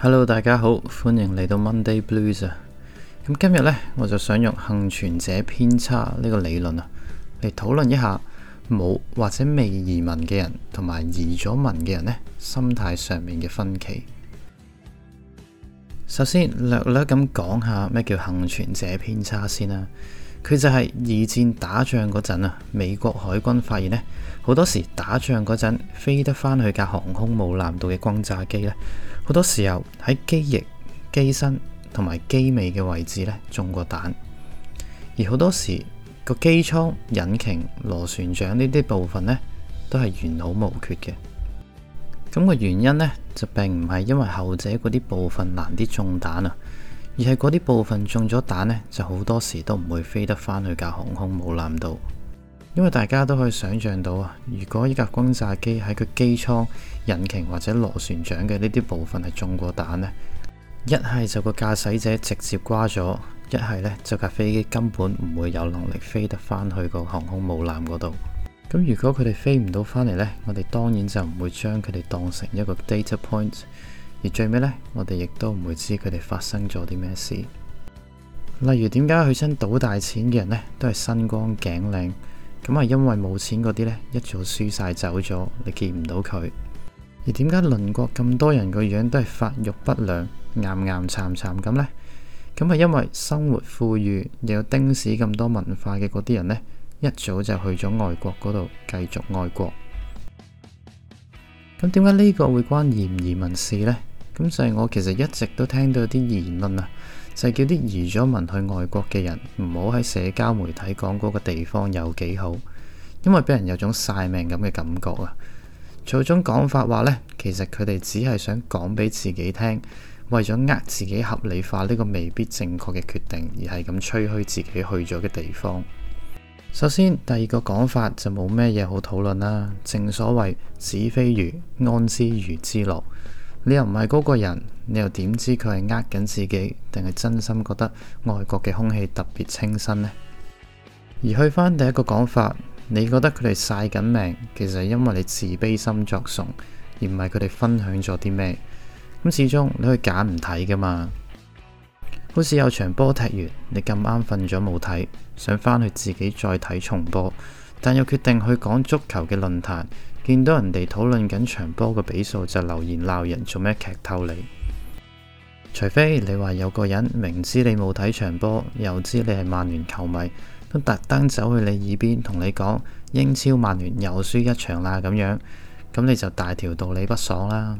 Hello，大家好，歡迎嚟到 Monday Blues 啊。咁今日呢，我就想用幸存者偏差呢個理論啊，嚟討論一下冇或者未移民嘅人，同埋移咗民嘅人呢，心態上面嘅分歧。首先略略咁講下咩叫幸存者偏差先啦。佢就係二戰打仗嗰陣啊，美國海軍發現呢，好多時打仗嗰陣飛得翻去架航空母艦度嘅轟炸機呢。好多時候喺機翼、機身同埋機尾嘅位置咧中過彈，而好多時個機艙、引擎、螺旋槳呢啲部分咧都係完好無缺嘅。咁個原因呢，就並唔係因為後者嗰啲部分難啲中彈啊，而係嗰啲部分中咗彈呢，就好多時都唔會飛得翻去架航空母艦度。因為大家都可以想象到啊，如果一架轟炸機喺佢機艙引擎或者螺旋槳嘅呢啲部分係中過彈呢，一係就個駕駛者直接瓜咗，一係呢，就架飛機根本唔會有能力飛得翻去個航空母艦嗰度。咁如果佢哋飛唔到翻嚟呢，我哋當然就唔會將佢哋當成一個 data point。而最尾呢，我哋亦都唔會知佢哋發生咗啲咩事。例如點解去親賭大錢嘅人呢，都係身光頸靚。咁啊，因為冇錢嗰啲呢，一早輸晒走咗，你見唔到佢。而點解鄰國咁多人個樣都係發育不良、岩岩殘殘咁呢？咁係因為生活富裕又有丁士咁多文化嘅嗰啲人呢，一早就去咗外國嗰度繼續愛國。咁點解呢個會關嫌疑民事呢？咁就係我其實一直都聽到啲言論啊，就係叫啲移咗民去外國嘅人唔好喺社交媒體講嗰個地方有幾好，因為俾人有種晒命咁嘅感覺啊。仲有種講法話呢，其實佢哋只係想講俾自己聽，為咗呃自己合理化呢個未必正確嘅決定，而係咁吹噓自己去咗嘅地方。首先，第二個講法就冇咩嘢好討論啦。正所謂子非魚，安知魚之樂？你又唔係嗰個人，你又點知佢係呃緊自己，定係真心覺得外國嘅空氣特別清新呢？而去翻第一個講法，你覺得佢哋晒緊命，其實係因為你自卑心作祟，而唔係佢哋分享咗啲咩。咁始終你去揀唔睇㗎嘛。好似有場波踢完，你咁啱瞓咗冇睇，想翻去自己再睇重播，但又決定去講足球嘅論壇。見到人哋討論緊場波個比數就留言鬧人，做咩劇透你？除非你話有個人明知你冇睇場波，又知你係曼聯球迷，都特登走去你耳邊同你講英超曼聯又輸一場啦，咁樣咁你就大條道理不爽啦。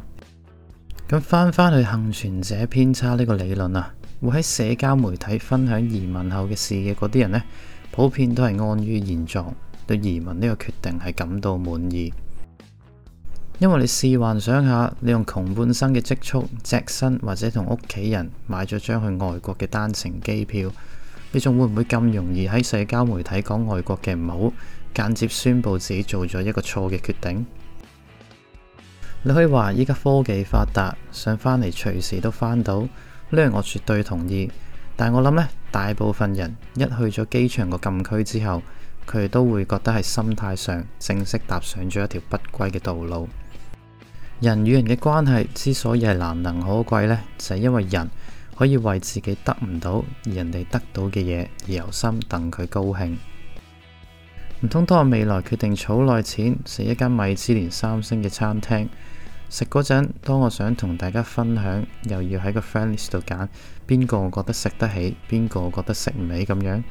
咁翻翻去幸存者偏差呢個理論啊，會喺社交媒體分享移民後嘅事嘅嗰啲人呢，普遍都係安於現狀，對移民呢個決定係感到滿意。因為你試幻想下，你用窮半生嘅積蓄，隻身或者同屋企人買咗張去外國嘅單程機票，你仲會唔會咁容易喺社交媒體講外國嘅唔好，間接宣布自己做咗一個錯嘅決定？你可以話依家科技發達，想翻嚟隨時都翻到呢樣，我絕對同意，但我諗咧，大部分人一去咗機場個禁區之後，佢都會覺得係心態上正式踏上咗一條不歸嘅道路。人與人嘅關係之所以係難能可貴呢，就係因為人可以為自己得唔到而人哋得到嘅嘢而由心等佢高興。唔通當我未來決定儲耐錢食一間米芝蓮三星嘅餐廳，食嗰陣，當我想同大家分享，又要喺個 friend list 度揀邊個我覺得食得起，邊個我覺得食唔起咁樣？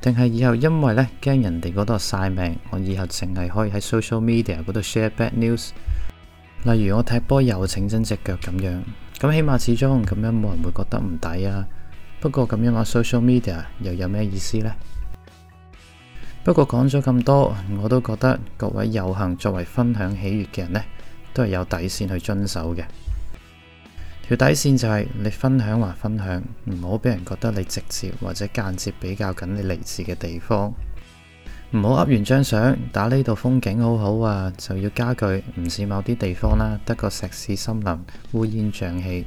定係以後因為呢，驚人哋嗰度曬命，我以後淨係可以喺 social media 嗰度 share bad news？例如我踢波又請真隻腳咁樣，咁起碼始終咁樣冇人會覺得唔抵啊。不過咁樣話 social media 又有咩意思呢？不過講咗咁多，我都覺得各位有幸作為分享喜悅嘅人呢，都係有底線去遵守嘅。條底線就係你分享還分享，唔好俾人覺得你直接或者間接比較緊你嚟自嘅地方。唔好噏完張相，打呢度風景好好啊，就要加句唔似某啲地方啦，得個石屎森林，烏煙瘴氣。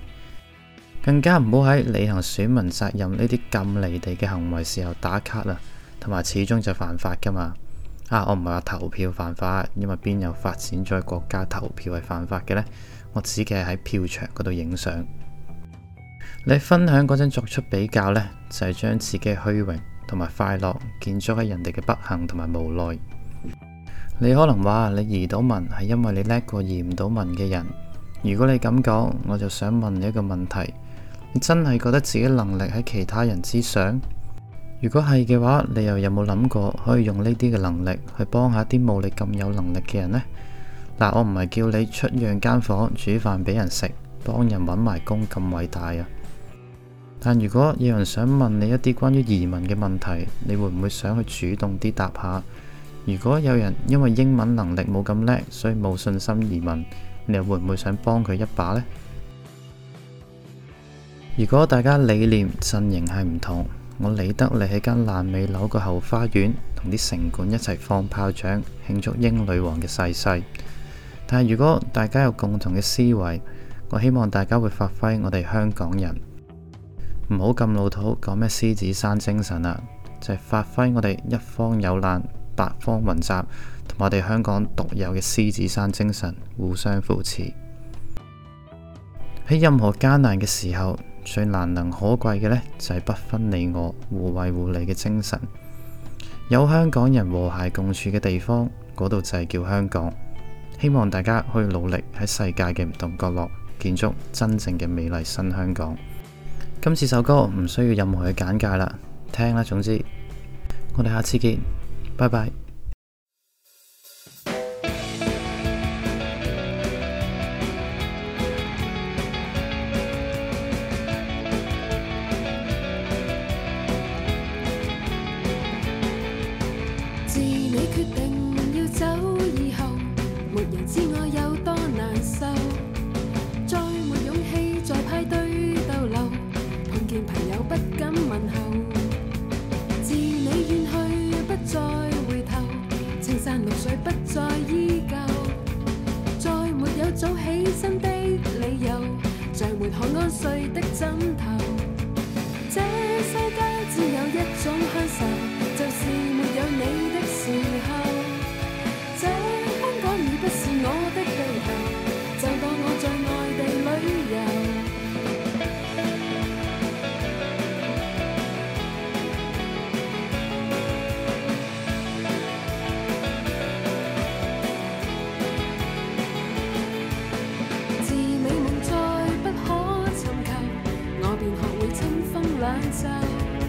更加唔好喺履行選民責任呢啲咁離地嘅行為時候打卡啦，同埋始終就犯法㗎嘛。啊，我唔係話投票犯法，因為邊有發展咗國家投票係犯法嘅呢？我只嘅係喺票場嗰度影相。你分享嗰陣作出比較呢，就係將自己虛榮。同埋快樂，建築喺人哋嘅不幸同埋無奈。你可能話你移到民係因為你叻過移唔到民嘅人。如果你咁講，我就想問你一個問題：你真係覺得自己能力喺其他人之上？如果係嘅話，你又有冇諗過可以用呢啲嘅能力去幫下啲冇你咁有能力嘅人呢？嗱，我唔係叫你出讓間房、煮飯俾人食、幫人揾埋工咁偉大啊！但如果有人想問你一啲關於移民嘅問題，你會唔會想去主動啲答下？如果有人因為英文能力冇咁叻，所以冇信心移民，你又會唔會想幫佢一把呢？如果大家理念陣營係唔同，我理得你喺間爛尾樓個後花園，同啲城管一齊放炮仗慶祝英女王嘅逝世。但係如果大家有共同嘅思維，我希望大家會發揮我哋香港人。唔好咁老土，講咩獅子山精神啊？就係發揮我哋一方有難，八方雲集，同我哋香港獨有嘅獅子山精神互相扶持。喺任何艱難嘅時候，最難能可貴嘅呢，就係不分你我，互惠互利嘅精神。有香港人和諧共處嘅地方，嗰度就係叫香港。希望大家可以努力喺世界嘅唔同角落，建築真正嘅美麗新香港。今次首歌唔需要任何嘅簡介啦，聽啦，總之，我哋下次見，拜拜。安睡的枕頭，這世界只有一種享受，就是沒有你的時候。這香港已不是我的地。清風兩袖。